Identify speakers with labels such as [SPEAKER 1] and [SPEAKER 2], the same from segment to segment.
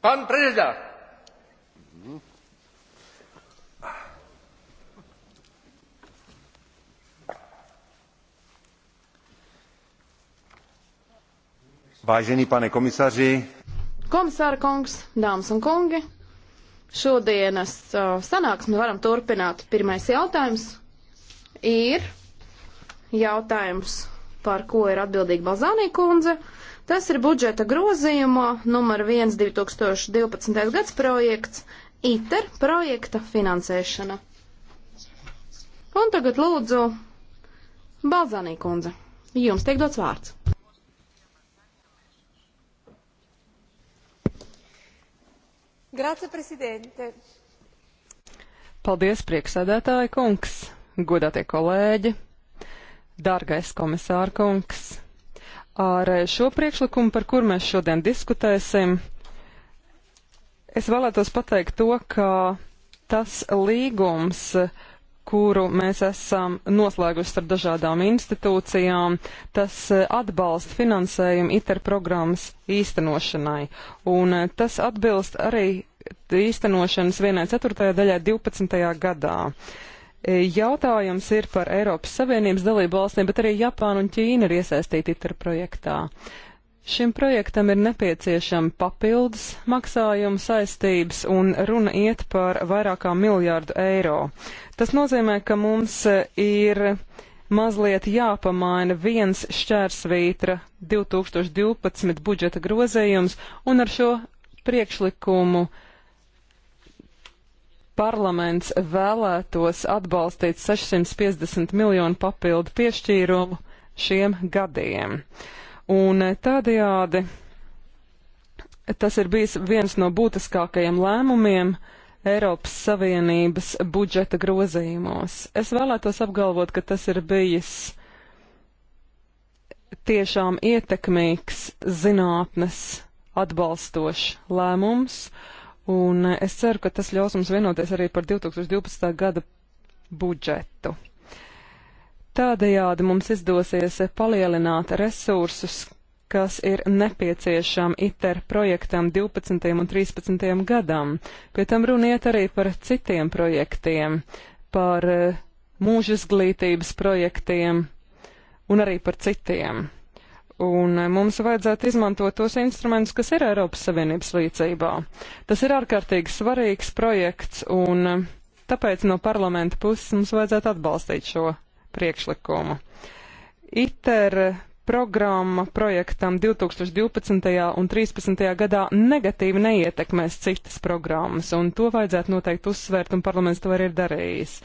[SPEAKER 1] Pan prezident.
[SPEAKER 2] Vážený pane komisaři.
[SPEAKER 3] Komisāra kungs, dāmas un kungi, šodienas sanāksmi varam turpināt. Pirmais jautājums ir jautājums, par ko ir atbildīga Balzānī kundze. Tas ir budžeta grozījuma numur 1 2012. gads projekts ITER projekta finansēšana. Un tagad lūdzu Balzanī kundze, jums tiek dots vārds.
[SPEAKER 2] Grazie, prezidente.
[SPEAKER 1] Paldies, prieksēdētāji kungs, godātie kolēģi, dārgais komisāra kungs ar šo priekšlikumu, par kur mēs šodien diskutēsim. Es vēlētos pateikt to, ka tas līgums, kuru mēs esam noslēguši ar dažādām institūcijām, tas atbalsta finansējumu ITER programmas īstenošanai. Un tas atbilst arī īstenošanas vienai ceturtajai daļai 12. gadā. Uh, Jautājums ir par Eiropas Savienības dalību valstīm, bet arī Japāna un Ķīna ir iesaistīti ITER projektā. Šim projektam ir nepieciešama papildus maksājuma saistības, un runa iet par vairākām miljārdu eiro. Tas nozīmē, ka mums ir mazliet jāpamaina viens šķērsvītra 2012 budžeta grozējums, un ar šo priekšlikumu uh, parlaments vēlētos atbalstīt 650 miljonu papildu piešķīrumu šiem gadiem. Un eh, tādējādi tas ir bijis viens no būtiskākajiem lēmumiem Eiropas Savienības budžeta grozījumos. Es vēlētos apgalvot, ka tas ir bijis tiešām ietekmīgs zinātnes atbalstošs lēmums. Uh, Un es ceru, ka tas ļaus mums vienoties arī par 2012. gada budžetu. Tādējādi mums izdosies palielināt resursus, kas ir nepieciešami ITER projektam 12. un 13. gadam. Pie tam runiet arī par citiem projektiem, par eh, mūža izglītības projektiem un arī par citiem un eh, mums vajadzētu izmantot tos instrumentus, kas ir Eiropas Savienības līdzībā. Tas ir ārkārtīgi svarīgs projekts, un eh, tāpēc no parlamenta puses mums vajadzētu atbalstīt šo priekšlikumu. ITER programma projektam 2012. un 2013. gadā negatīvi neietekmēs citas programmas, un to vajadzētu noteikti uzsvērt, un parlaments to arī ir darījis.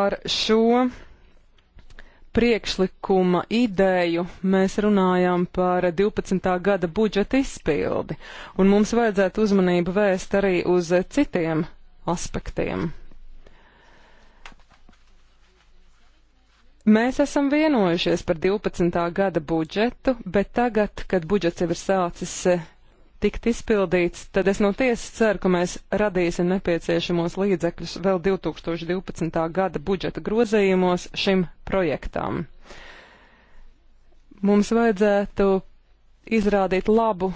[SPEAKER 1] Ar šo priekšlikuma ideju, mēs runājam par 12. gada budžeta izpildi, un mums vajadzētu uzmanību vēst arī uz citiem aspektiem. Mēs esam vienojušies par 12. gada budžetu, bet tagad, kad budžets jau ir sācis tikt izpildīts, tad es no tiesas ceru, ka mēs radīsim nepieciešamos līdzekļus vēl 2012. gada budžeta grozījumos šim projektam. Mums vajadzētu izrādīt labu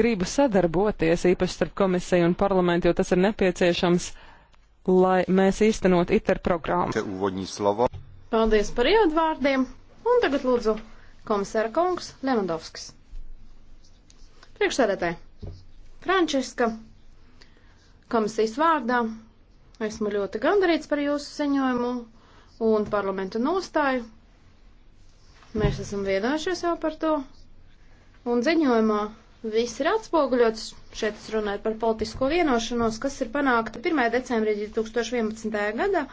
[SPEAKER 1] gribu sadarboties, īpaši starp komisiju un parlamentu, jo tas ir nepieciešams, lai mēs īstenot ITER programmu.
[SPEAKER 3] Paldies par ievadvārdiem, un tagad lūdzu komisāra kungs Levandovskis. Priekšsēdētāji, Frančiska, komisijas vārdā, esmu ļoti gandarīts par jūsu ziņojumu un parlamenta nostāju. Mēs esam vienojušies jau par to. Un ziņojumā viss ir atspoguļots. Šeit es runāju par politisko vienošanos, kas ir panākta 1. decembrī 2011. gadā.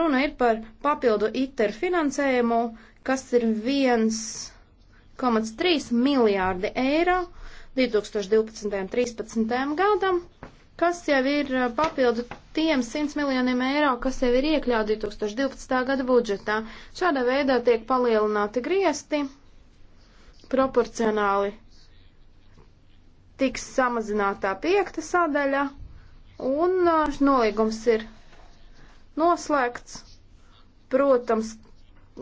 [SPEAKER 3] Runa ir par papildu ITER finansējumu, kas ir 1,3 miljārdi eiro 2012. un 2013. gadam, kas jau ir uh, papildu tiem 100 miljoniem eiro, kas jau ir iekļauti 2012. gada budžetā. Šādā veidā tiek palielināti griesti proporcionāli. Tiks samazinātā piekta sadaļa un uh, nolīgums ir noslēgts. Protams,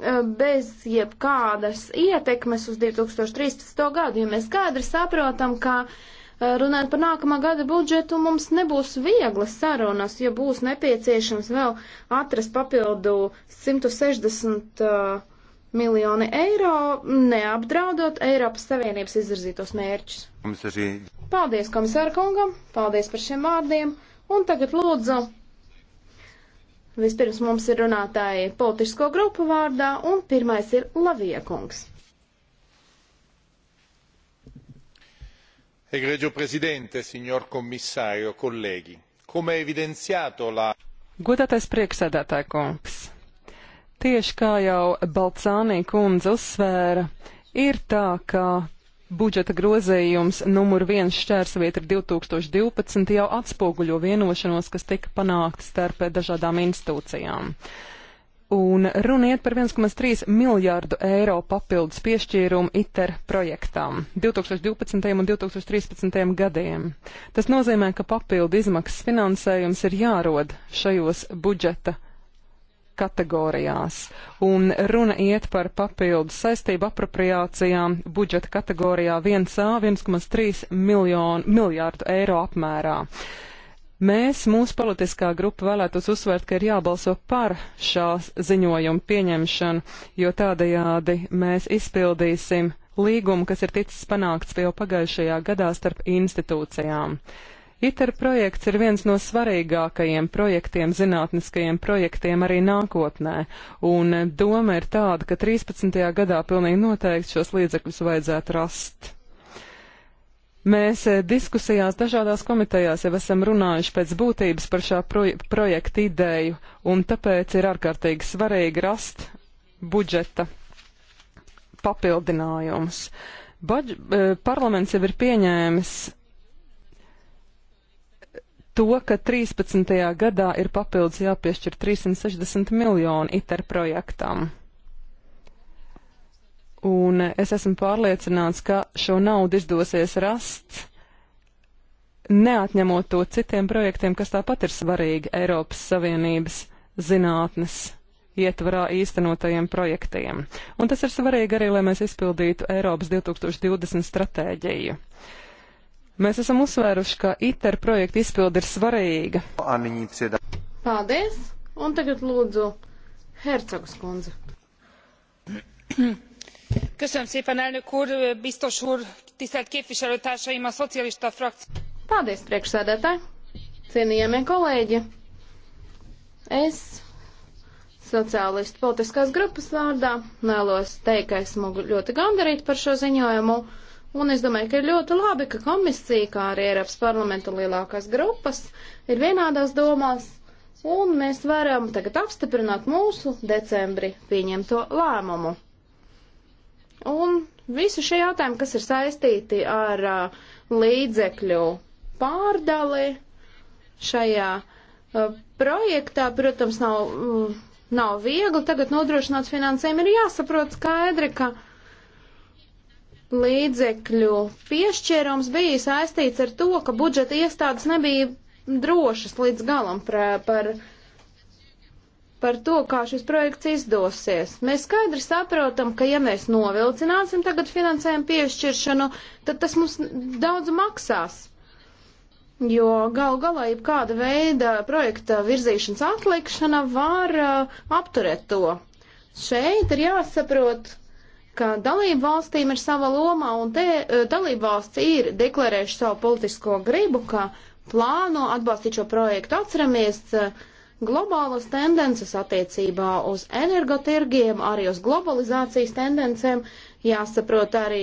[SPEAKER 3] Eh, bez jebkādas ietekmes uz 2013. gadu, jo mēs skaidri saprotam, ka eh, runājot par nākamā gada budžetu, mums nebūs vieglas sarunas, jo būs nepieciešams vēl atrast papildu 160 eh, miljoni eiro, neapdraudot Eiropas Savienības izvirzītos mērķus. Komisārī. Paldies komisāra kungam, paldies par šiem vārdiem, un tagad lūdzu Vispirms mums ir runātāji politisko grupu vārdā, un pirmais ir Laviekungs.
[SPEAKER 2] Egregio prezidente, signor komisārio, kolēģi, come evidenziato la.
[SPEAKER 1] Godātais prieksēdētāja kungs. Tieši kā jau Balcānī kundze uzsvēra, ir tā, ka budžeta grozījums numur viens šķērsvieta ir 2012 jau atspoguļo vienošanos, kas tika panākta starp dažādām institūcijām. Un runiet par 1,3 miljārdu eiro papildus piešķīrumu ITER projektām 2012. un 2013. gadiem. Tas nozīmē, ka papildu izmaksas finansējums ir jārod šajos budžeta kategorijās. Un runa iet par papildu saistību apropriācijām budžeta kategorijā 1A 1,3 miljārdu eiro apmērā. Mēs, mūsu politiskā grupa, vēlētos uzsvērt, ka ir jābalso par šās ziņojuma pieņemšanu, jo tādējādi mēs izpildīsim līgumu, kas ir ticis panākts jau pagājušajā gadā starp institūcijām. ITER projekts ir viens no svarīgākajiem projektiem, zinātniskajiem projektiem arī nākotnē, un doma ir tāda, ka 13. gadā pilnīgi noteikti šos līdzekļus vajadzētu rast. Mēs eh, diskusijās dažādās komitejās jau esam runājuši pēc būtības par šā proje projekta ideju, un tāpēc ir ārkārtīgi svarīgi rast budžeta papildinājumus. Baģ eh, parlaments jau ir pieņēmis to, ka 13. gadā ir papildus jāpiešķir 360 miljoni ITER projektam. Un es esmu pārliecināts, ka šo naudu izdosies rast, neatņemot to citiem projektiem, kas tāpat ir svarīgi Eiropas Savienības zinātnes ietvarā īstenotajiem projektiem. Un tas ir svarīgi arī, lai mēs izpildītu Eiropas 2020 stratēģiju. Mēs esam uzsvēruši, ka ITER projekta izpildi ir svarīga.
[SPEAKER 3] Paldies! Un tagad lūdzu Hercogas kundze.
[SPEAKER 1] Köszönöm szépen, elnök úr, biztos úr, tisztelt képviselőtársaim, a szocialista frakció.
[SPEAKER 3] Paldies, priekšsēdētāji, cienījamie kolēģi. Es sociālistu politiskās grupas vārdā vēlos teikt, ka esmu ļoti gandarīta par šo ziņojumu Un es domāju, ka ir ļoti labi, ka komisija, kā arī Eiropas parlamenta lielākās grupas, ir vienādās domās, un mēs varam tagad apstiprināt mūsu decembri pieņemto lēmumu. Un visi šie jautājumi, kas ir saistīti ar uh, līdzekļu pārdali šajā uh, projektā, protams, nav, mm, nav viegli tagad nodrošināt finansējumu. Ir jāsaprot skaidri, ka līdzekļu piešķērums bija saistīts ar to, ka budžeta iestādes nebija drošas līdz galam par, par, par to, kā šis projekts izdosies. Mēs skaidri saprotam, ka ja mēs novilcināsim tagad finansējumu piešķiršanu, tad tas mums daudz maksās. Jo gal galā jebkāda veida projekta virzīšanas atlikšana var uh, apturēt to. Šeit ir jāsaprot, ka dalību valstīm ir sava loma, un te eh, dalību valsts ir deklarējuši savu politisko gribu, ka plāno atbalstīt šo projektu. Atceramies eh, globālas tendences attiecībā uz energotirgiem, arī uz globalizācijas tendencēm. Jāsaprot arī,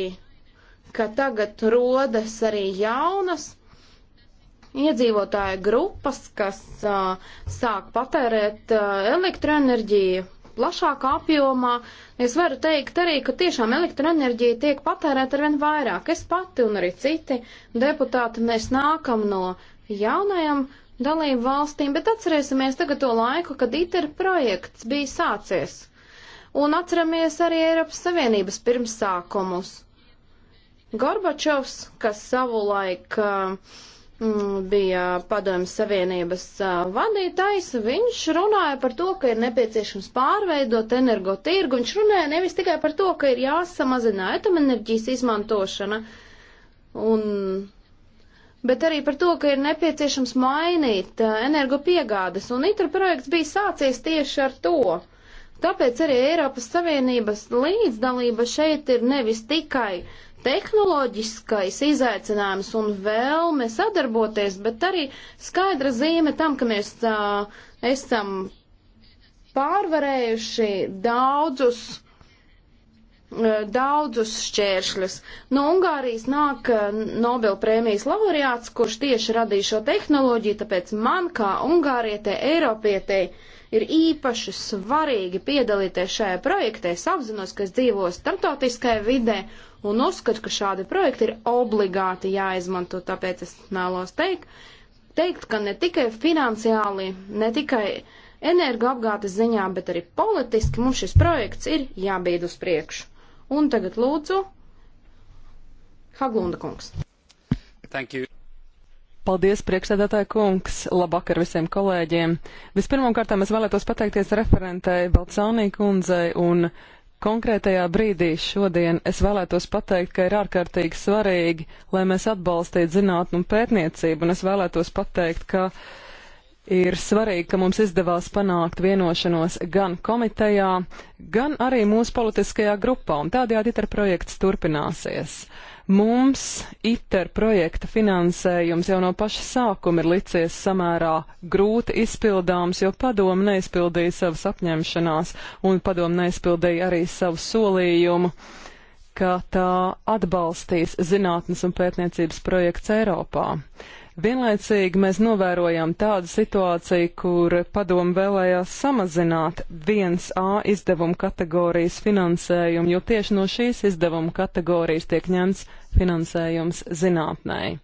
[SPEAKER 3] ka tagad rodas arī jaunas iedzīvotāja grupas, kas uh, sāk patērēt uh, elektroenerģiju plašākā apjomā. Es varu teikt arī, ka tiešām elektroenerģija tiek patērēta arvien vairāk. Es pati un arī citi deputāti, mēs nākam no jaunajām dalību valstīm, bet atcerēsimies tagad to laiku, kad ITER projekts bija sācies. Un atceramies arī Eiropas Savienības pirmsākumus. Gorbačovs, kas savulaik uh, Mm, bija Padomjas Savienības uh, vadītājs, viņš runāja par to, ka ir nepieciešams pārveidot energotirgu. Viņš runāja nevis tikai par to, ka ir jāsamazina atomenerģijas izmantošana, un, bet arī par to, ka ir nepieciešams mainīt uh, energopiegādes, un ITR projekts bija sācies tieši ar to. Tāpēc arī Eiropas Savienības līdzdalība šeit ir nevis tikai uh, tehnoloģiskais izaicinājums un vēlme sadarboties, bet arī skaidra zīme tam, ka mēs uh, esam pārvarējuši daudzus, uh, daudzus šķēršļus. No Ungārijas nāk Nobel prēmijas laureāts, kurš tieši radīja šo tehnoloģiju, tāpēc man kā Ungārietē, Eiropietē, uh, ir īpaši svarīgi piedalīties šajā projektā. Es apzinos, ka es dzīvoju starptautiskajā vidē un uzskatu, ka šādi projekti ir obligāti jāizmanto, tāpēc es mēlos teikt, teikt ka ne tikai finansiāli, ne tikai energoapgādes ziņā, bet arī politiski mums šis projekts ir jābīd uz
[SPEAKER 1] priekšu. Un tagad lūdzu Haglunda kungs. Thank you. Paldies, priekšsēdētāja kungs! Labvakar visiem kolēģiem! Vispirmkārt, es vēlētos pateikties referentei Balcānī kundzei un konkrētajā brīdī šodien es vēlētos pateikt, ka ir ārkārtīgi svarīgi, lai mēs atbalstītu zinātnu un pētniecību, un es vēlētos pateikt, ka ir svarīgi, ka mums izdevās panākt vienošanos gan komitejā, gan arī mūsu politiskajā grupā, un tādējādi iter projekts turpināsies. Uh, Mums ITER projekta finansējums jau no paša sākuma ir licies samērā grūti izpildāms, jo padomu neizpildīja savas apņemšanās un padomu neizpildīja arī savu solījumu, ka tā atbalstīs zinātnes un pētniecības projekts Eiropā. Vienlaicīgi mēs novērojam tādu situāciju, kur padomu vēlējās samazināt 1A izdevumu kategorijas finansējumu, jo tieši no šīs izdevumu kategorijas tiek ņemts finansējums zinātnēji.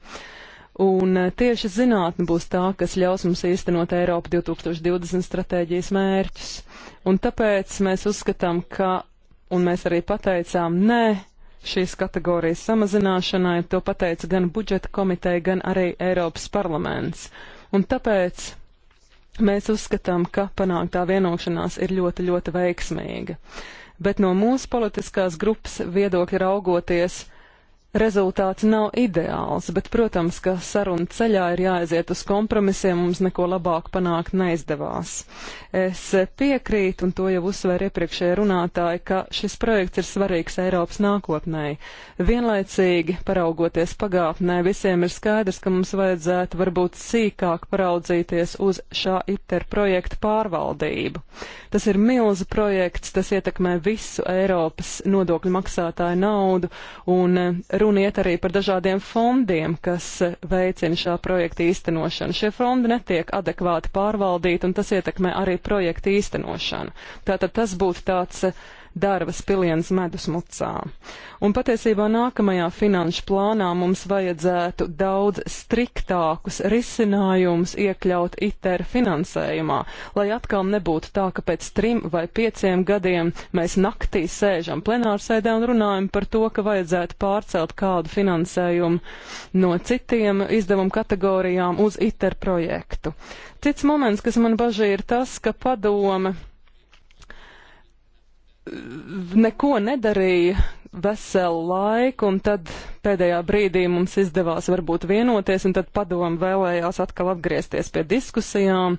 [SPEAKER 1] Un e, tieši zinātne būs tā, kas ļaus mums īstenot Eiropu 2020 stratēģijas mērķus. Un tāpēc mēs uzskatām, ka, un mēs arī pateicām, nē, šīs kategorijas samazināšanai, to pateica gan budžeta komiteja, gan arī Eiropas parlaments. Un tāpēc mēs uzskatām, ka panāktā vienošanās ir ļoti, ļoti veiksmīga. Bet no mūsu politiskās grupas viedokļa raugoties, rezultāts nav ideāls, bet, protams, ka saruna ceļā ir jāaiziet uz kompromisiem, mums neko labāk panākt neizdevās. Es piekrītu, un to jau uzsver iepriekšējie runātāji, ka šis projekts ir svarīgs Eiropas nākotnē. Vienlaicīgi, paraugoties pagātnē, visiem ir skaidrs, ka mums vajadzētu varbūt sīkāk paraudzīties uz šā ITER projekta pārvaldību. Tas ir milzu projekts, tas ietekmē visu Eiropas nodokļu maksātāju naudu, un runa eh, runa iet arī par dažādiem fondiem, kas eh, veicina šā projekta īstenošanu. Šie fondi netiek adekvāti pārvaldīti, un tas ietekmē arī projekta īstenošanu. Tātad tas būtu tāds eh, darba spiliens medus mucā. Un patiesībā nākamajā finanšu plānā mums vajadzētu daudz striktākus risinājumus iekļaut ITER finansējumā, lai atkal nebūtu tā, ka pēc trim vai pieciem gadiem mēs naktī sēžam plenārsēdē un runājam par to, ka vajadzētu pārcelt kādu finansējumu no citiem izdevumu kategorijām uz ITER projektu. Cits moments, kas man bažīja, ir tas, ka padome neko nedarīja veselu laiku, un tad pēdējā brīdī mums izdevās varbūt vienoties, un tad padomu vēlējās atkal atgriezties pie diskusijām,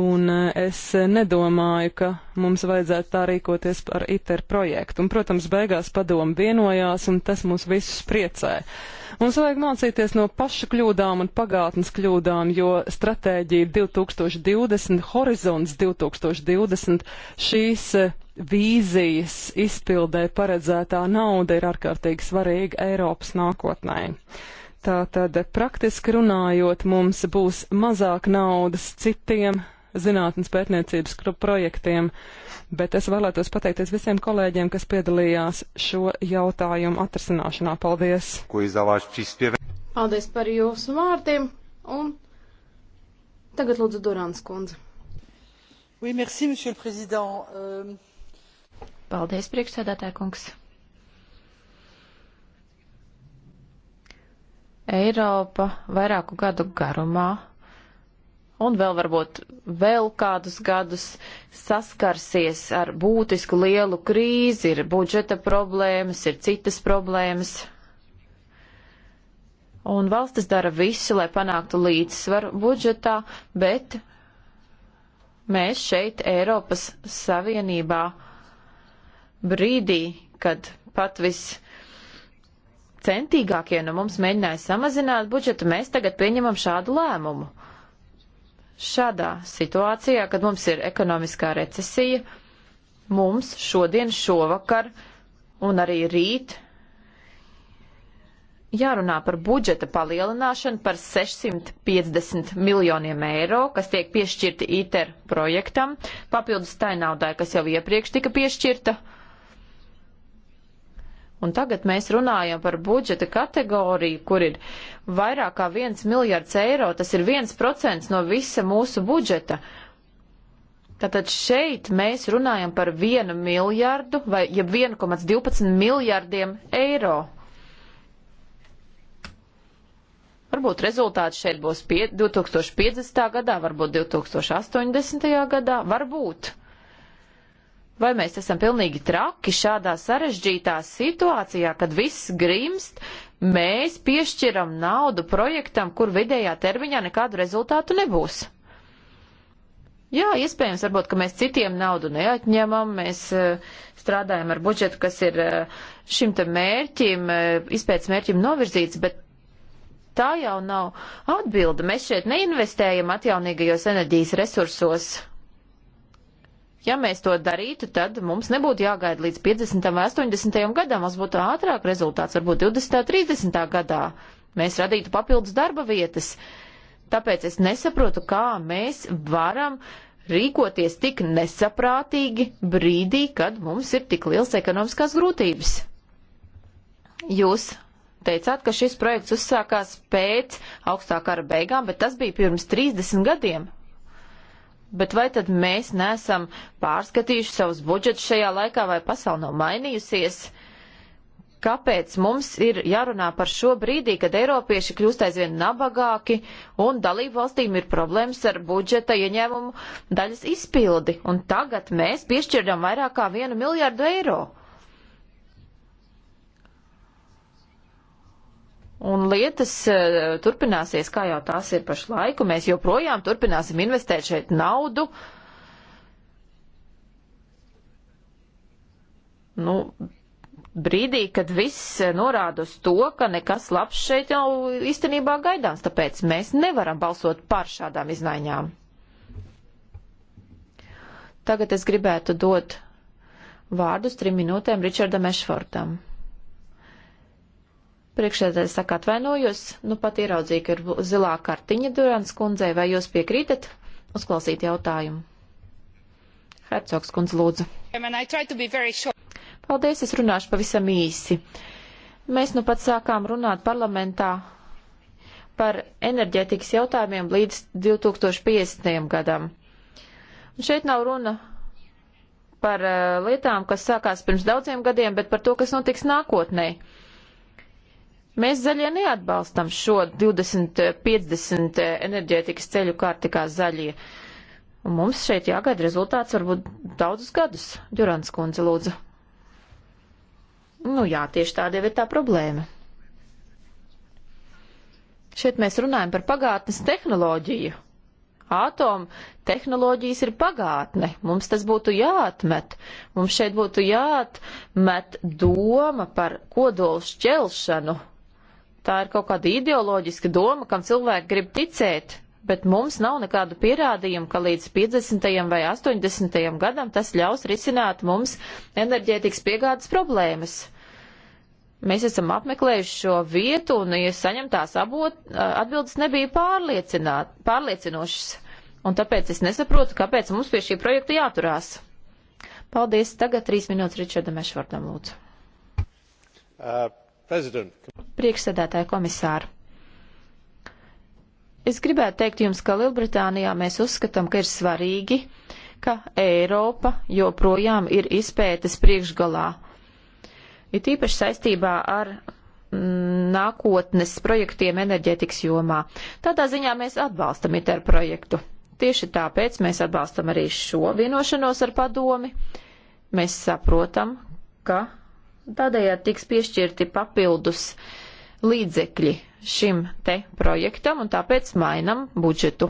[SPEAKER 1] un e, es nedomāju, ka mums vajadzētu tā rīkoties ar ITER projektu. Un, protams, beigās padomu vienojās, un tas mūs visus priecē. Mums vajag mācīties no pašu kļūdām un pagātnes kļūdām, jo stratēģija 2020, horizonts 2020, šīs e, vīzijas izpildē paredzētā nauda ir ārkārtīgi svarīga Eiropas nākotnē. Tātad, praktiski runājot, mums būs mazāk naudas citiem zinātnes pētniecības projektiem, bet es vēlētos pateikties visiem kolēģiem, kas piedalījās šo jautājumu atrasināšanā. Paldies! Paldies
[SPEAKER 3] par jūsu vārdiem un tagad lūdzu Durāns kundze.
[SPEAKER 1] Oui, merci, monsieur le président. Euh...
[SPEAKER 2] Paldies, priekšsēdētāja kungs. Eiropa vairāku gadu garumā un vēl varbūt vēl kādus gadus saskarsies ar būtisku lielu krīzi, ir budžeta problēmas, ir citas problēmas. Un valstis dara visu, lai panāktu līdzsvaru budžetā, bet mēs šeit Eiropas Savienībā brīdī, kad pat viss centīgākie no mums mēģināja samazināt budžetu, mēs tagad pieņemam šādu lēmumu. Šādā situācijā, kad mums ir ekonomiskā recesija, mums šodien, šovakar un arī rīt jārunā par budžeta palielināšanu par 650 miljoniem eiro, kas tiek piešķirti ITER projektam, papildus tai naudai, kas jau iepriekš tika piešķirta. Uh, Un tagad mēs runājam par budžeta kategoriju, kur ir vairāk kā viens miljards eiro, tas ir viens procents no visa mūsu budžeta. Tātad šeit mēs runājam par vienu miljardu vai ja 1,12 miljardiem eiro. Varbūt rezultāts šeit būs pie, 2050. gadā, varbūt 2080. gadā, varbūt. Vai mēs esam pilnīgi traki šādā sarežģītā situācijā, kad viss grimst, mēs piešķiram naudu projektam, kur vidējā termiņā nekādu rezultātu nebūs? Jā, iespējams, varbūt, ka mēs citiem naudu neatņemam, mēs eh, strādājam ar budžetu, kas ir eh, šim te mērķim, eh, izpēc mērķim novirzīts, bet tā jau nav atbilda. Mēs šeit neinvestējam atjaunīgajos enerģijas resursos Ja mēs to darītu, tad mums nebūtu jāgaida līdz 50. vai 80. gadam, mums būtu ātrāk rezultāts, varbūt 20. un 30. gadā. Mēs radītu papildus darba vietas. Tāpēc es nesaprotu, kā mēs varam rīkoties tik nesaprātīgi brīdī, kad mums ir tik liels ekonomiskās grūtības. Jūs teicāt, ka šis projekts uzsākās pēc augstākā kara beigām, bet tas bija pirms 30 gadiem. Bet vai tad mēs nesam pārskatījuši savus budžetus šajā laikā, vai pasauli nav mainījusies? Kāpēc mums ir jārunā par šo brīdī, kad eiropieši kļūst aizvien nabagāki un dalību valstīm ir problēmas ar budžeta ieņēmumu daļas izpildi? Un tagad mēs piešķirdam vairāk kā vienu miljārdu eiro. Un lietas uh, turpināsies, kā jau tās ir pašlaik, un mēs joprojām turpināsim investēt šeit naudu. Nu, brīdī, kad viss eh, norāda uz to, ka nekas labs šeit jau īstenībā gaidāms, tāpēc mēs nevaram balsot par šādām izmaiņām. Tagad es gribētu dot vārdus trim minūtēm Ričardam Ešfortam. Priekšsēdētājs saka atvainojos, nu pat ieraudzīju, ka ir zilā kartiņa Durants kundzei, vai jūs piekrītat uzklausīt jautājumu? Hercogs kundz lūdzu. Paldies, es runāšu pavisam īsi. Mēs nu pat sākām runāt parlamentā par enerģētikas jautājumiem līdz 2050. gadam. Un šeit nav runa par eh, lietām, kas sākās pirms daudziem gadiem, bet par to, kas notiks nākotnē. Mēs zaļie neatbalstam šo 2050 eh, enerģētikas ceļu kārti kā zaļie. Un mums šeit jāgaida rezultāts varbūt daudzus gadus. Durants kundze lūdzu. Nu jā, tieši tāda jau ir tā problēma. Šeit mēs runājam par pagātnes tehnoloģiju. Ātomu tehnoloģijas ir pagātne. Mums tas būtu jāatmet. Mums šeit būtu jāatmet doma par kodolu šķelšanu tā ir kaut kāda ideoloģiska doma, kam cilvēki grib ticēt, bet mums nav nekādu pierādījumu, ka līdz 50. vai 80. gadam tas ļaus risināt mums enerģētikas piegādes problēmas. Mēs esam apmeklējuši šo vietu, un, ja saņemtās abot, atbildes nebija pārliecinošas, un tāpēc es nesaprotu, kāpēc mums pie šī projekta jāturās. Paldies, tagad trīs minūtes Ričardam Ešvardam lūdzu. Uh. Priekšsēdētāja komisāra. Es gribētu teikt jums, ka Lielbritānijā mēs uzskatām, ka ir svarīgi, ka Eiropa joprojām ir izpētes priekšgalā. Ir tīpaši saistībā ar mm, nākotnes projektiem enerģētikas jomā. Tādā ziņā mēs atbalstam ITER projektu. Tieši tāpēc mēs atbalstam arī šo vienošanos ar padomi. Mēs saprotam, ka Tādējādi tiks piešķirti papildus līdzekļi šim te projektam un tāpēc mainam budžetu.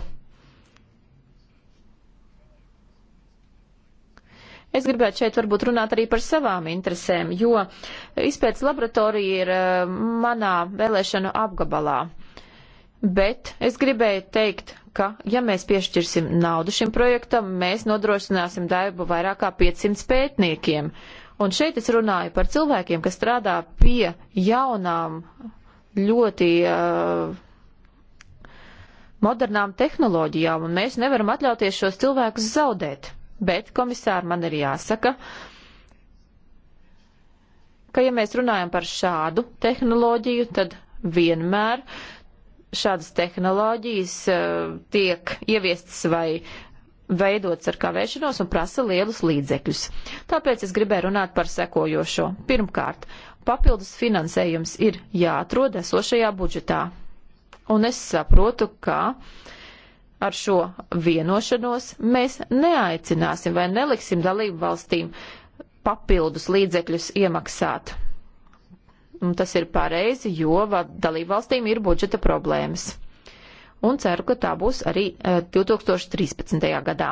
[SPEAKER 2] Es gribētu šeit varbūt runāt arī par savām interesēm, jo izpētes laboratorija ir eh, manā vēlēšanu apgabalā. Bet es gribēju teikt, ka ja mēs piešķirsim naudu šim projektam, mēs nodrošināsim darbu vairāk kā 500 pētniekiem. Uh, Un šeit es runāju par cilvēkiem, kas strādā pie jaunām, ļoti uh, modernām tehnoloģijām, un mēs nevaram atļauties šos cilvēkus zaudēt. Bet, komisāri, man ir jāsaka, ka ja mēs runājam par šādu tehnoloģiju, tad vienmēr šādas tehnoloģijas uh, tiek ieviestas vai veidots ar kavēšanos un prasa lielus līdzekļus. Tāpēc es gribēju runāt par sekojošo. Pirmkārt, papildus finansējums ir jāatrod esošajā budžetā. Un es saprotu, ka ar šo vienošanos mēs neaicināsim vai neliksim dalību valstīm papildus līdzekļus iemaksāt. Un tas ir pareizi, jo dalību valstīm ir budžeta problēmas un ceru, ka tā būs arī 2013. E, gadā.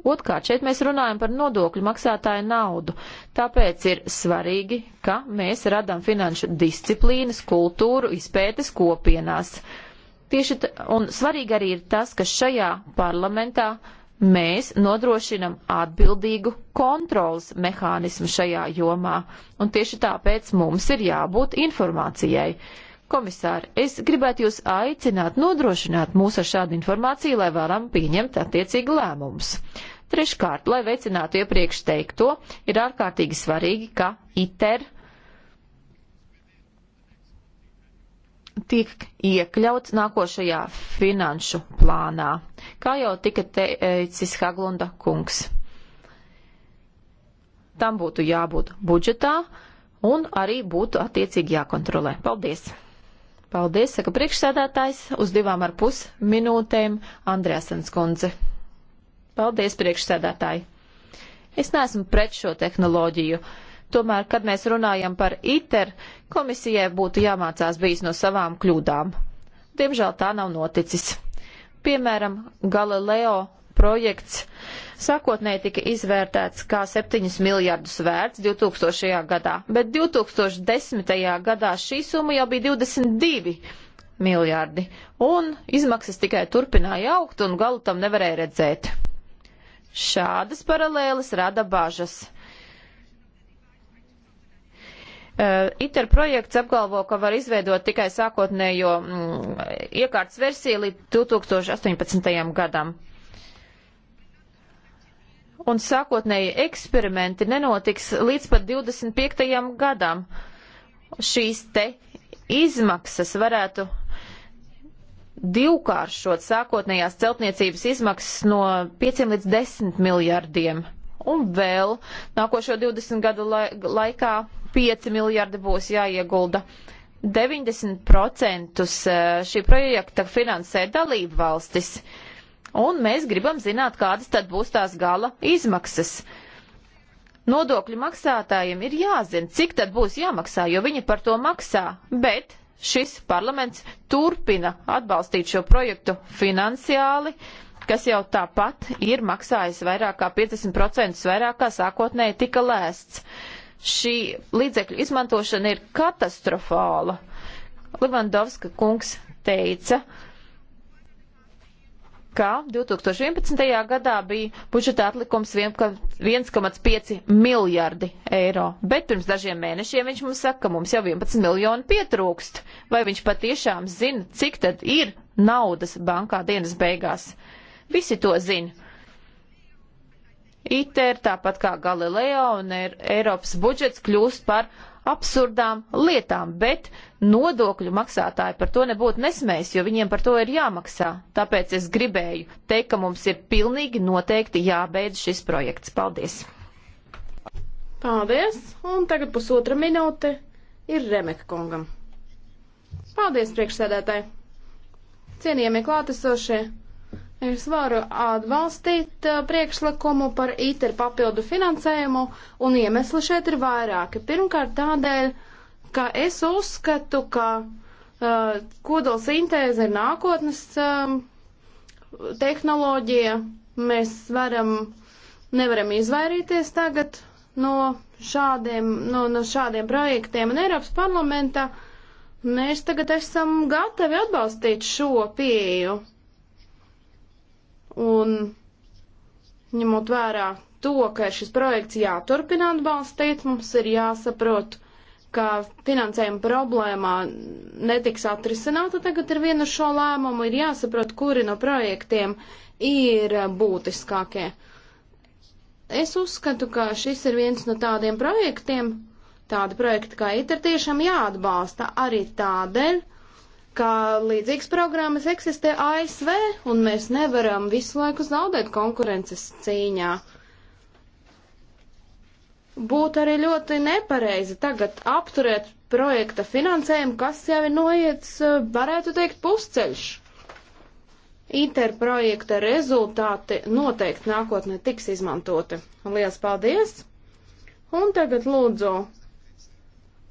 [SPEAKER 2] Otkārt, šeit mēs runājam par nodokļu maksātāju naudu. Tāpēc ir svarīgi, ka mēs radām finanšu disciplīnas, kultūru, izpētes kopienās. Tieši tā, un svarīgi arī ir tas, ka šajā parlamentā mēs nodrošinam atbildīgu kontrolas mehānismu šajā jomā, un tieši tāpēc mums ir jābūt informācijai. Uh, Komisāri, es gribētu jūs aicināt nodrošināt mūs ar šādu informāciju, lai varam pieņemt attiecīgi lēmumus. Treškārt, lai veicinātu iepriekš teikto, ir ārkārtīgi svarīgi, ka ITER tiek iekļauts nākošajā finanšu plānā, kā jau tika teicis Haglunda kungs. Tam būtu jābūt budžetā un arī būtu attiecīgi jākontrolē. Paldies! Paldies, saka priekšsēdētājs, uz divām ar pus minūtēm Andrēsens kundze. Paldies, priekšsēdētāji. Es neesmu pret šo tehnoloģiju. Tomēr, kad mēs runājam par ITER, komisijai būtu jāmācās bijis no savām kļūdām. Diemžēl tā nav noticis. Piemēram, Galileo projekts sākotnēji tika izvērtēts kā 7 miljardus vērts 2000. gadā, bet 2010. gadā šī summa jau bija 22 miljardi, un izmaksas tikai turpināja augt, un galu tam nevarēja redzēt. Šādas paralēles rada bažas. ITER projekts apgalvo, ka var izveidot tikai sākotnējo mm, iekārtas versiju līdz 2018. gadam un sākotnēji eksperimenti nenotiks līdz pat 25. gadam. Šīs te izmaksas varētu divkāršot sākotnējās celtniecības izmaksas no 5 līdz 10 miljardiem. Un vēl nākošo 20 gadu laikā 5 miljardi būs jāiegulda. 90% eh, šī projekta finansē dalību valstis. Uh, un mēs gribam zināt, kādas tad būs tās gala izmaksas. Nodokļu maksātājiem ir jāzina, cik tad būs jāmaksā, jo viņi par to maksā, bet šis parlaments turpina atbalstīt šo projektu finansiāli, kas jau tāpat ir maksājis vairāk kā 50% vairāk kā sākotnēji tika lēsts. Šī līdzekļu izmantošana ir katastrofāla. Livandovska kungs teica, uh, ka 2011. gadā bija budžeta atlikums 1,5 miljardi eiro, bet pirms dažiem mēnešiem viņš mums saka, ka mums jau 11 miljoni pietrūkst. Vai viņš patiešām zina, cik tad ir naudas bankā dienas beigās? Visi to zina. ITER, tāpat kā Galileo un Eiropas budžets kļūst par absurdām lietām, bet nodokļu maksātāji par to nebūtu nesmējis, jo viņiem par to ir jāmaksā. Tāpēc es gribēju teikt, ka mums ir pilnīgi noteikti jābeidz šis projekts. Paldies!
[SPEAKER 3] Paldies! Un tagad pusotra minūte ir Remeka kungam. Paldies, priekšsēdētāji! Cienījamie klātesošie! Es varu atbalstīt uh, priekšlikumu par ITER papildu finansējumu, un iemesli šeit ir vairāki. Pirmkārt, tādēļ, ka es uzskatu, ka uh, kodols sintēze ir nākotnes um, tehnoloģija. Mēs varam, nevaram izvairīties tagad no šādiem, no, no šādiem projektiem, un Eiropas parlamenta mēs tagad esam gatavi atbalstīt šo pieeju Un ņemot vērā to, ka šis projekts jāturpina atbalstīt, mums ir jāsaprot, ka finansējuma problēmā netiks atrisināta tagad ar vienu šo lēmumu, ir jāsaprot, kuri no projektiem ir būtiskākie. Es uzskatu, ka šis ir viens no tādiem projektiem, tāda projekta kā ITER tiešām jāatbalsta arī tādēļ, ka līdzīgas programmas eksistē ASV, un mēs nevaram visu laiku zaudēt konkurences cīņā. Būtu arī ļoti nepareizi tagad apturēt projekta finansējumu, kas jau ir noiets, varētu teikt, pusceļš. Interprojekta rezultāti noteikti nākotnē tiks izmantoti. Lielas paldies! Un tagad lūdzu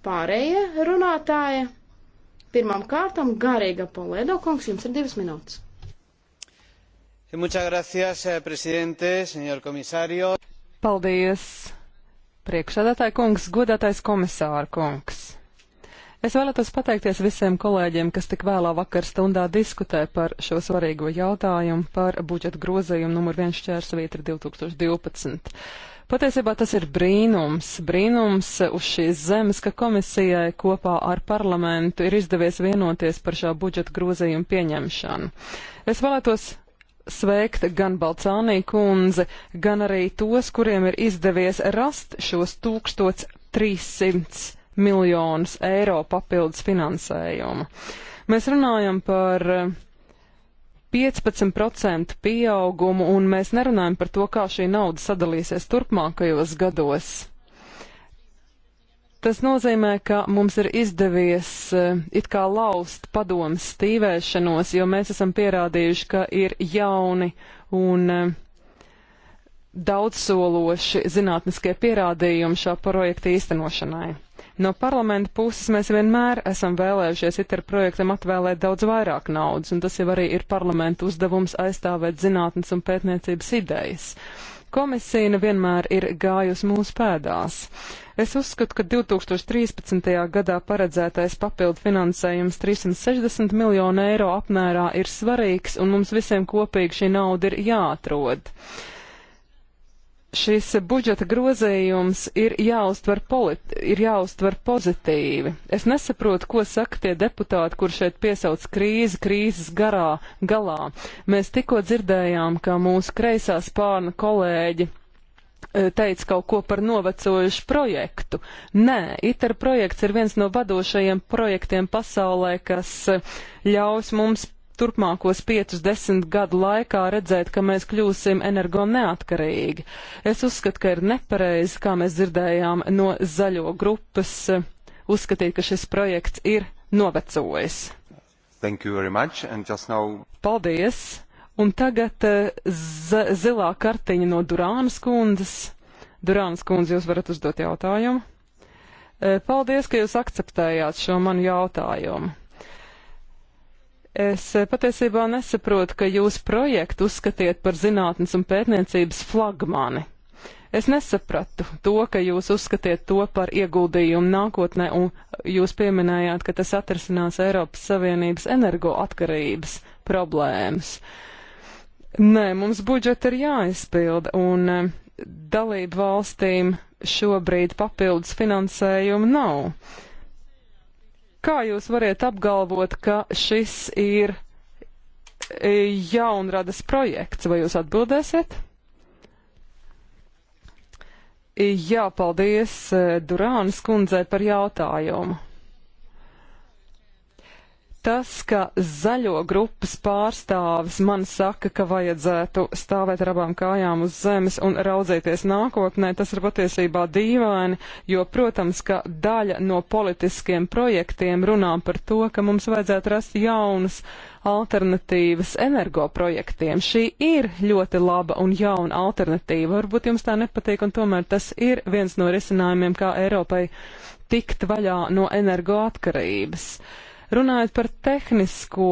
[SPEAKER 3] pārējie runātāji Pirmām kārtām garīga Polēdo kungs,
[SPEAKER 1] jums ir divas minūtes.
[SPEAKER 3] Muchas gracias, eh, presidente, señor komisario.
[SPEAKER 1] Paldies, priekšsēdētāji kungs, godātais komisāra kungs. Es vēlētos pateikties visiem kolēģiem, kas tik vēlā vakar stundā diskutē par šo svarīgo jautājumu par budžeta grozījumu numur 1 šķērsvītra 2012. Patiesībā tas ir brīnums, brīnums uz šīs zemes, ka komisijai kopā ar parlamentu ir izdevies vienoties par šā budžeta grozījumu pieņemšanu. Es vēlētos sveikt gan Balcānī kundzi, gan arī tos, kuriem ir izdevies rast šos 1300 miljonus eiro papildus finansējumu. Mēs runājam par uh, 15% pieaugumu, un mēs nerunājam par to, kā šī nauda sadalīsies turpmākajos gados. Tas nozīmē, ka mums ir izdevies eh, it kā laust padomas stīvēšanos, jo mēs esam pierādījuši, ka ir jauni un eh, daudzsološi zinātniskie pierādījumi šā projekta īstenošanai. No parlamenta puses mēs vienmēr esam vēlējušies ITER projektam atvēlēt daudz vairāk naudas, un tas jau arī ir parlamenta uzdevums aizstāvēt zinātnes un pētniecības idejas. Komisija vienmēr ir gājusi mūsu pēdās. Es uzskatu, ka 2013. gadā paredzētais papildu finansējums 360 miljonu eiro apmērā ir svarīgs un mums visiem kopīgi šī nauda ir jāatrod šis budžeta grozējums ir jāuztver, politi, ir jāuztver pozitīvi. Es nesaprotu, ko saka tie deputāti, kur šeit piesauc krīzi krīzes garā galā. Mēs tikko dzirdējām, ka mūsu kreisā spārna kolēģi e, teica kaut ko par novecojušu projektu. Nē, ITER projekts ir viens no vadošajiem projektiem pasaulē, kas ļaus mums turpmākos 5-10 gadu laikā redzēt, ka mēs kļūsim energo neatkarīgi. Es uzskatu, ka ir nepareizi, kā mēs dzirdējām no zaļo grupas, uzskatīt, ka šis projekts ir novecojis.
[SPEAKER 2] Now...
[SPEAKER 1] Paldies! Un tagad eh, zilā kartiņa no Durānas kundzes. Durānas kundze, jūs varat uzdot jautājumu. Eh, paldies, ka jūs akceptējāt šo manu jautājumu. Es eh, patiesībā nesaprotu, ka jūs projektu uzskatiet par zinātnes un pētniecības flagmani. Es nesapratu to, ka jūs uzskatiet to par ieguldījumu nākotnē, un jūs pieminējāt, ka tas atrisinās Eiropas Savienības energoatkarības problēmas. Nē, mums budžeti ir jāizpilda, un eh, dalību valstīm šobrīd papildus finansējumu nav. Kā jūs variet apgalvot, ka šis ir e, jaunradas projekts? Vai jūs atbildēsiet? Jā, paldies e, Durānas kundzei par jautājumu. Tas, ka zaļo grupas pārstāvis man saka, ka vajadzētu stāvēt ar abām kājām uz zemes un raudzīties nākotnē, tas ir patiesībā dīvaini, jo, protams, ka daļa no politiskiem projektiem runā par to, ka mums vajadzētu rast jaunas alternatīvas energoprojektiem. Šī ir ļoti laba un jauna alternatīva. Varbūt jums tā nepatīk, un tomēr tas ir viens no risinājumiem, kā Eiropai tikt vaļā no energoatkarības. atkarības. Runājot par tehnisko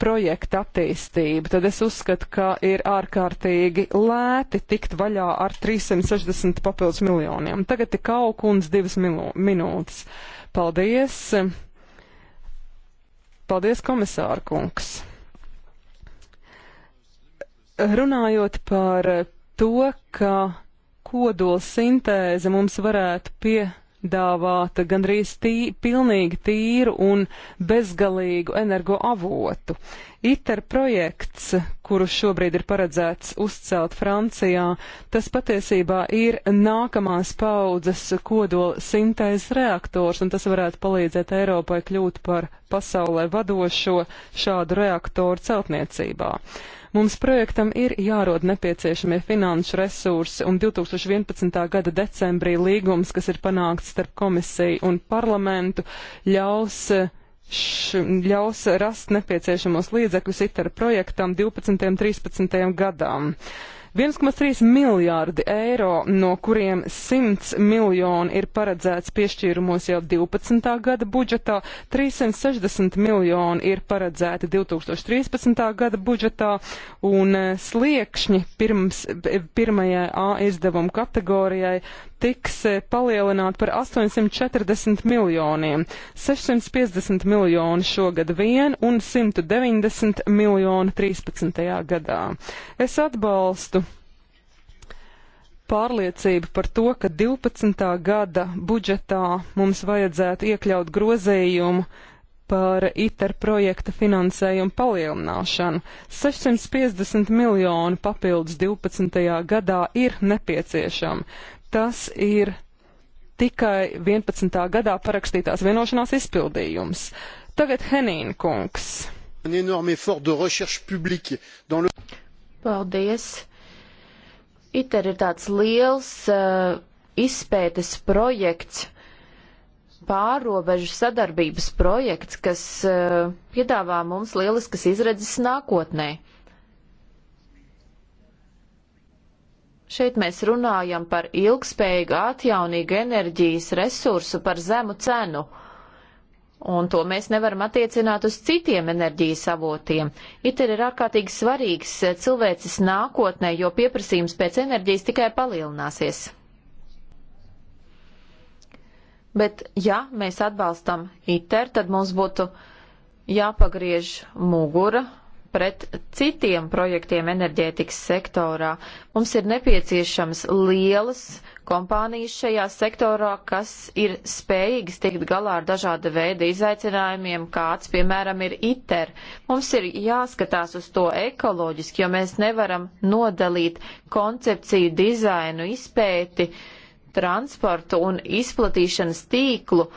[SPEAKER 1] projekta attīstību, tad es uzskatu, ka ir ārkārtīgi lēti tikt vaļā ar 360 papildus miljoniem. Tagad ir kaut kunds divas minūtes. Paldies! Paldies, komisāra kungs! Runājot par to, ka kodola sintēze mums varētu pie piedāvāt gandrīz tī, pilnīgi tīru un bezgalīgu energoavotu. ITER projekts, kuru šobrīd ir paredzēts uzcelt Francijā, tas patiesībā ir nākamās paudzes kodola sintēzes reaktors, un tas varētu palīdzēt Eiropai kļūt par pasaulē vadošo šādu reaktoru celtniecībā. Mums projektam ir jārod nepieciešamie finanšu resursi, un 2011. gada decembrī līgums, kas ir panākts starp komisiju un parlamentu, ļaus š, ļaus rast nepieciešamos līdzekļus ITER projektam 12. un 13. gadam. 1,3 miljārdi eiro, no kuriem 100 miljoni ir paredzēts piešķīrumos jau 12. gada budžetā, 360 miljoni ir paredzēti 2013. gada budžetā, un eh, sliekšņi pirms, eh, pirmajai A izdevuma kategorijai tiks eh, palielināta par 840 miljoniem, 650 miljoni šogad vien un 190 miljoni 13. gadā. Es atbalstu pārliecību par to, ka 12. gada budžetā mums vajadzētu iekļaut grozījumu par ITER projekta finansējumu palielināšanu. 650 miljoni papildus 12. gadā ir nepieciešami tas ir tikai 11. gadā parakstītās vienošanās izpildījums. Tagad Henīna kungs. Paldies!
[SPEAKER 2] ITER ir tāds liels uh, izpētes projekts, pārobežu sadarbības projekts, kas uh, piedāvā mums lieliskas izredzes nākotnē. Šeit mēs runājam par ilgspējīgu, atjaunīgu enerģijas resursu par zemu cenu. Un to mēs nevaram attiecināt uz citiem enerģijas avotiem. ITER ir ārkārtīgi svarīgs eh, cilvēces nākotnē, jo pieprasījums pēc enerģijas tikai palielināsies. Bet, ja mēs atbalstam ITER, tad mums būtu jāpagriež mugura pret citiem projektiem enerģētikas sektorā. Mums ir nepieciešams lielas kompānijas šajā sektorā, kas ir spējīgas tikt galā ar dažāda veida izaicinājumiem, kāds, piemēram, ir ITER. Mums ir jāskatās uz to ekoloģiski, jo mēs nevaram nodalīt koncepciju, dizainu, izpēti, transportu un izplatīšanas tīklu,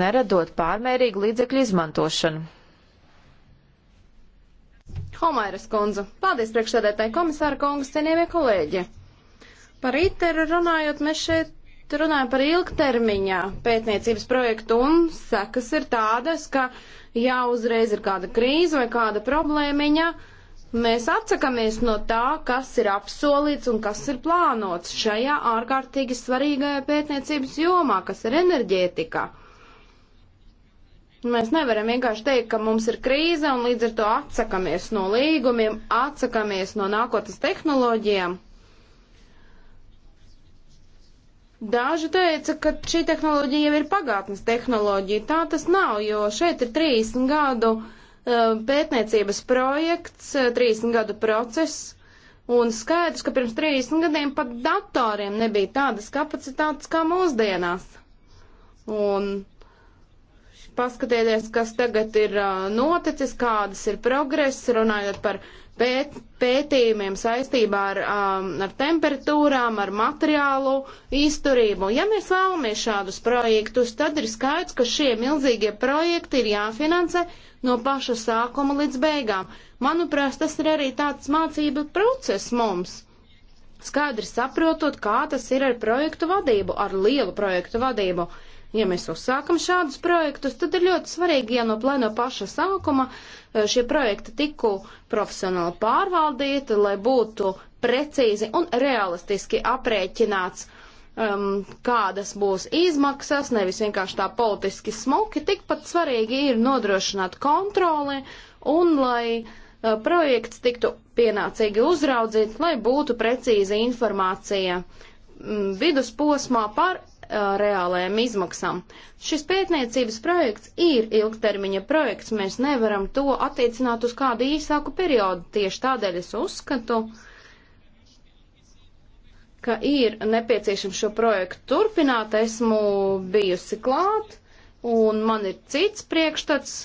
[SPEAKER 2] neradot pārmērīgu līdzekļu izmantošanu.
[SPEAKER 3] Homairas kundze. Paldies priekšsēdētāji komisāra kungas, cienījamie kolēģi. Par ITER runājot, mēs šeit runājam par ilgtermiņā pētniecības projektu un sekas ir tādas, ka ja uzreiz ir kāda krīze vai kāda problēmiņa, mēs atsakamies no tā, kas ir apsolīts un kas ir plānots šajā ārkārtīgi svarīgajā pētniecības jomā, kas ir enerģētika. Mēs nevaram vienkārši teikt, ka mums ir krīze un līdz ar to atsakamies no līgumiem, atsakamies no nākotnes tehnoloģijām. Daži teica, ka šī tehnoloģija jau ir pagātnes tehnoloģija. Tā tas nav, jo šeit ir 30 gadu uh, pētniecības projekts, 30 eh, gadu process, un skaidrs, ka pirms 30 gadiem pat datoriem nebija tādas kapacitātes kā mūsdienās. Un paskatieties, kas tagad ir noticis, kādas ir progress, runājot par pēt, pētījumiem saistībā ar, ar temperatūrām, ar materiālu izturību. Ja mēs vēlamies šādus projektus, tad ir skaidrs, ka šie milzīgie projekti ir jāfinansē no paša sākuma līdz beigām. Manuprāt, tas ir arī tāds mācību process mums. Skaidri saprotot, kā tas ir ar projektu vadību, ar lielu projektu vadību. Uh, Ja mēs uzsākam šādus projektus, tad ir ļoti svarīgi, ja no plēno paša sākuma eh, šie projekti tiku profesionāli pārvaldīti, lai būtu precīzi un realistiski aprēķināts, um, kādas būs izmaksas, nevis vienkārši tā politiski smuki. Tikpat svarīgi ir nodrošināt kontroli un lai uh, projekts tiktu pienācīgi uzraudzīts, lai būtu precīza informācija mm, vidusposmā par uh, reālajām izmaksām. Šis pētniecības projekts ir ilgtermiņa projekts, mēs nevaram to attiecināt uz kādu īsāku periodu. Tieši tādēļ es uzskatu, ka ir nepieciešams šo projektu turpināt. Esmu bijusi klāt un man ir cits priekšstats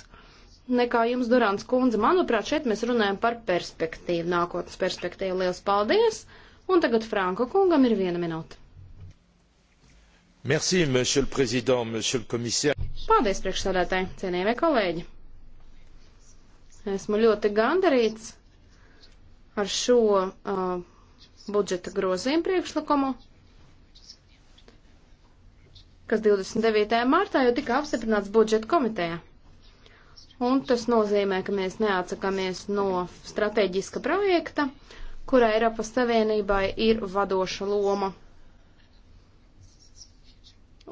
[SPEAKER 3] nekā jums, Durāns kundze. Manuprāt, šeit mēs runājam par perspektīvu, nākotnes perspektīvu. Lielas paldies! Un tagad Franko kungam ir viena minūte.
[SPEAKER 1] Merci, monsieur le
[SPEAKER 2] président, monsieur le commissaire.
[SPEAKER 3] Paldies, priekšsādātāji, cienījamie kolēģi. Esmu ļoti gandarīts ar šo uh, budžeta grozījumu priekšlikumu, kas 29. martā jau tika apstiprināts budžeta komitejā. Un tas nozīmē, ka mēs neatsakāmies no strateģiska projekta, kurā Eiropas Savienībai ir vadoša loma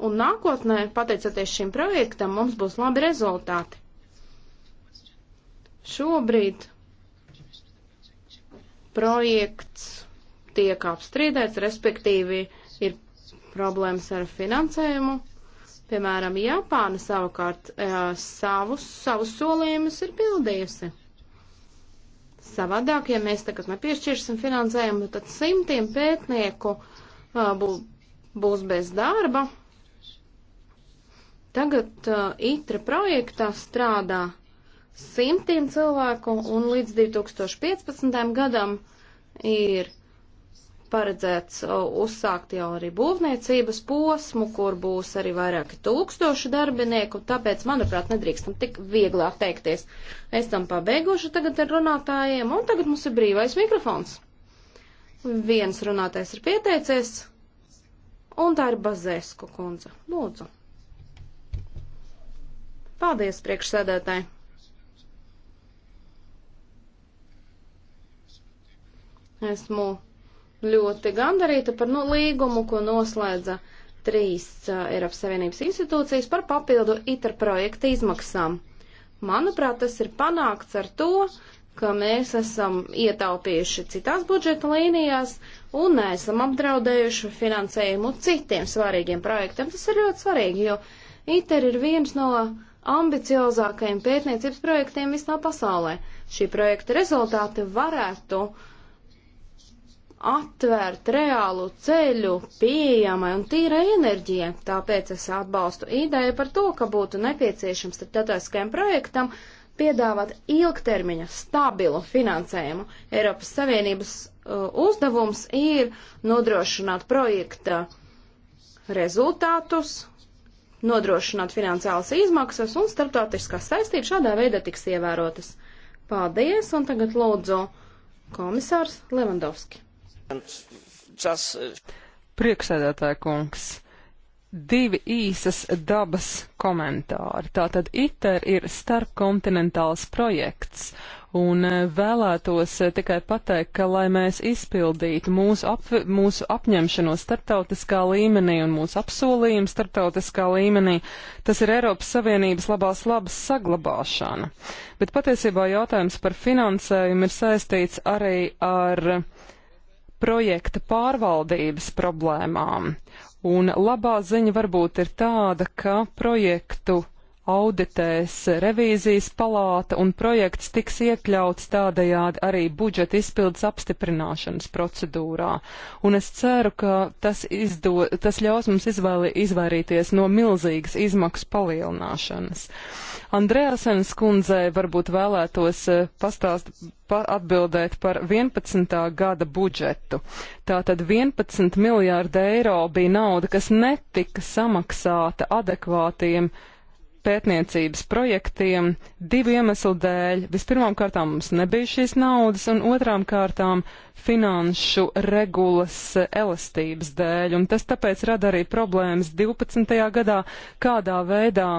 [SPEAKER 3] Un nākotnē, pateicoties šim projektam, mums būs labi rezultāti. Šobrīd projekts tiek apstrīdēts, respektīvi ir problēmas ar finansējumu. Piemēram, Japāna savukārt savus, savus solījumus ir pildījusi. Savādāk, ja mēs tagad nepiešķirsim finansējumu, tad simtiem pētnieku būs bez darba Tagad uh, ITRA e projektā strādā simtiem cilvēku, un līdz 2015. gadam ir paredzēts uh, uzsākt jau arī būvniecības posmu, kur būs arī vairāki tūkstoši darbinieku, tāpēc, manuprāt, nedrīkstam tik viegli atteikties. Es tam pabeiguši tagad ar runātājiem, un tagad mums ir brīvais mikrofons. Viens runātais ir pieteicies, un tā ir Bazēsku kundze. Lūdzu. Paldies, priekšsēdētāji! Esmu ļoti gandarīta par no nu, līgumu, ko noslēdza trīs uh, Eiropas Savienības institūcijas par papildu ITER projekta izmaksām. Manuprāt, tas ir panākts ar to, ka mēs esam ietaupījuši citās budžeta līnijās un neesam apdraudējuši finansējumu citiem svarīgiem projektiem. Tas ir ļoti svarīgi, jo ITER ir viens no ambiciozākajiem pētniecības projektiem visā pasaulē. Šī projekta rezultāti varētu atvērt reālu ceļu pieejamai un tīrai enerģijai. Tāpēc es atbalstu ideju par to, ka būtu nepieciešams starptautiskajam projektam piedāvāt ilgtermiņa stabilu finansējumu. Eiropas Savienības uh, uzdevums ir nodrošināt projekta rezultātus nodrošināt finansiālas izmaksas un starptautiskās saistības šādā veidā tiks ievērotas. Paldies, un tagad lūdzu komisārs Levandovski.
[SPEAKER 1] Prieksēdētāja kungs, divi īsas dabas komentāri. Tātad ITER ir starpkontinentāls projekts, un eh, vēlētos eh, tikai pateikt, ka, lai mēs izpildītu mūsu, ap, mūsu apņemšanos starptautiskā līmenī un mūsu apsolījumu starptautiskā līmenī, tas ir Eiropas Savienības labās labas saglabāšana. Bet patiesībā jautājums par finansējumu ir saistīts arī ar projekta pārvaldības problēmām. Un labā ziņa varbūt ir tāda, ka projektu auditēs revīzijas palāta un projekts tiks iekļauts tādējādi arī budžeta izpildes apstiprināšanas procedūrā. Un es ceru, ka tas, izdo, tas ļaus mums izvēli, izvairīties no milzīgas izmaksu palielināšanas. Andrēsens kundzei varbūt vēlētos eh, pastāst, pa, atbildēt par 11. gada budžetu. Tātad 11 miljārdi eiro bija nauda, kas netika samaksāta adekvātiem pētniecības projektiem divu iemeslu dēļ. Vispirmām kārtām mums nebija šīs naudas, un otrām kārtām finanšu regulas elastības dēļ. Un tas tāpēc rada arī problēmas 12. gadā, kādā veidā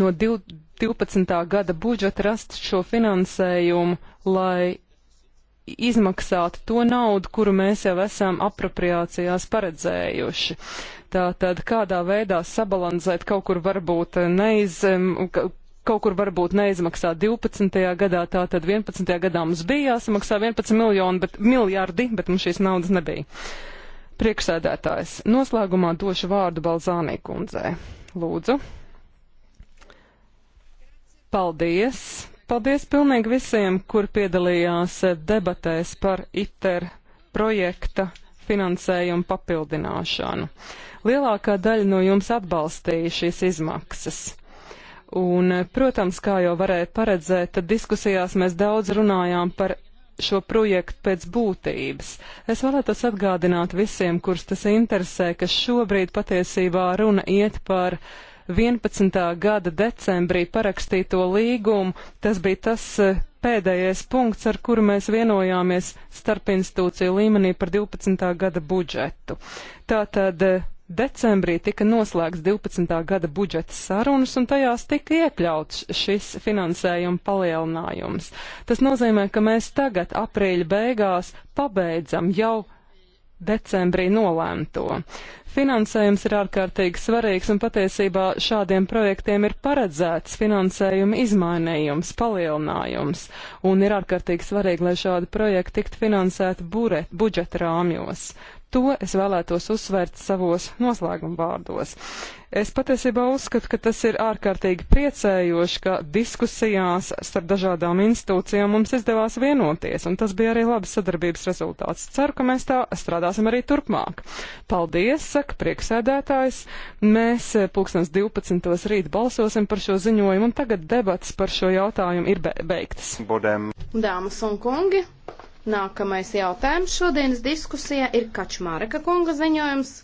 [SPEAKER 1] no 12. gada budžeta rast šo finansējumu, lai izmaksāt to naudu, kuru mēs jau esam apropriācijās paredzējuši. Tātad kādā veidā sabalansēt kaut kur varbūt neiz, kaut kur varbūt neizmaksā 12. gadā, tātad 11. gadā mums bija jāsamaksā 11 miljoni, bet miljardi, bet mums šīs naudas nebija. Priekšsēdētājs, noslēgumā došu vārdu Balzānī kundzē. Lūdzu. Paldies! Paldies pilnīgi visiem, kur piedalījās debatēs par ITER projekta finansējumu papildināšanu. Lielākā daļa no jums atbalstīja šīs izmaksas. Un, protams, kā jau varēja paredzēt, tad diskusijās mēs daudz runājām par šo projektu pēc būtības. Es vēlētos atgādināt visiem, kurus tas interesē, ka šobrīd patiesībā runa iet par uh, 11. gada decembrī parakstīto līgumu. Tas bija tas e, pēdējais punkts, ar kuru mēs vienojāmies starp institūciju līmenī par 12. gada budžetu. Tātad e, decembrī tika noslēgts 12. gada budžeta sarunas, un tajās tika iekļauts šis finansējuma palielinājums. Tas nozīmē, ka mēs tagad, aprīļa beigās, pabeidzam jau decembrī nolēmto. Finansējums ir ārkārtīgi svarīgs, un patiesībā šādiem projektiem ir paredzēts finansējuma izmainījums, palielinājums, un ir ārkārtīgi svarīgi, lai šādi projekti tiktu finansēti budžeta rāmjos. To es vēlētos uzsvērt savos noslēguma vārdos. Es patiesībā uzskatu, ka tas ir ārkārtīgi priecējoši, ka diskusijās starp dažādām institūcijām mums izdevās vienoties, un tas bija arī labs sadarbības rezultāts. Ceru, ka mēs tā strādāsim arī turpmāk. Paldies, saka prieksēdētājs. Mēs eh, pulkstens 12. rīt balsosim par šo ziņojumu, un tagad debats par šo jautājumu ir be beigtas. Bodem.
[SPEAKER 3] Dāmas un kungi, Nākamais jautājums šodienas diskusijā ir Kačmāreka kunga ziņojums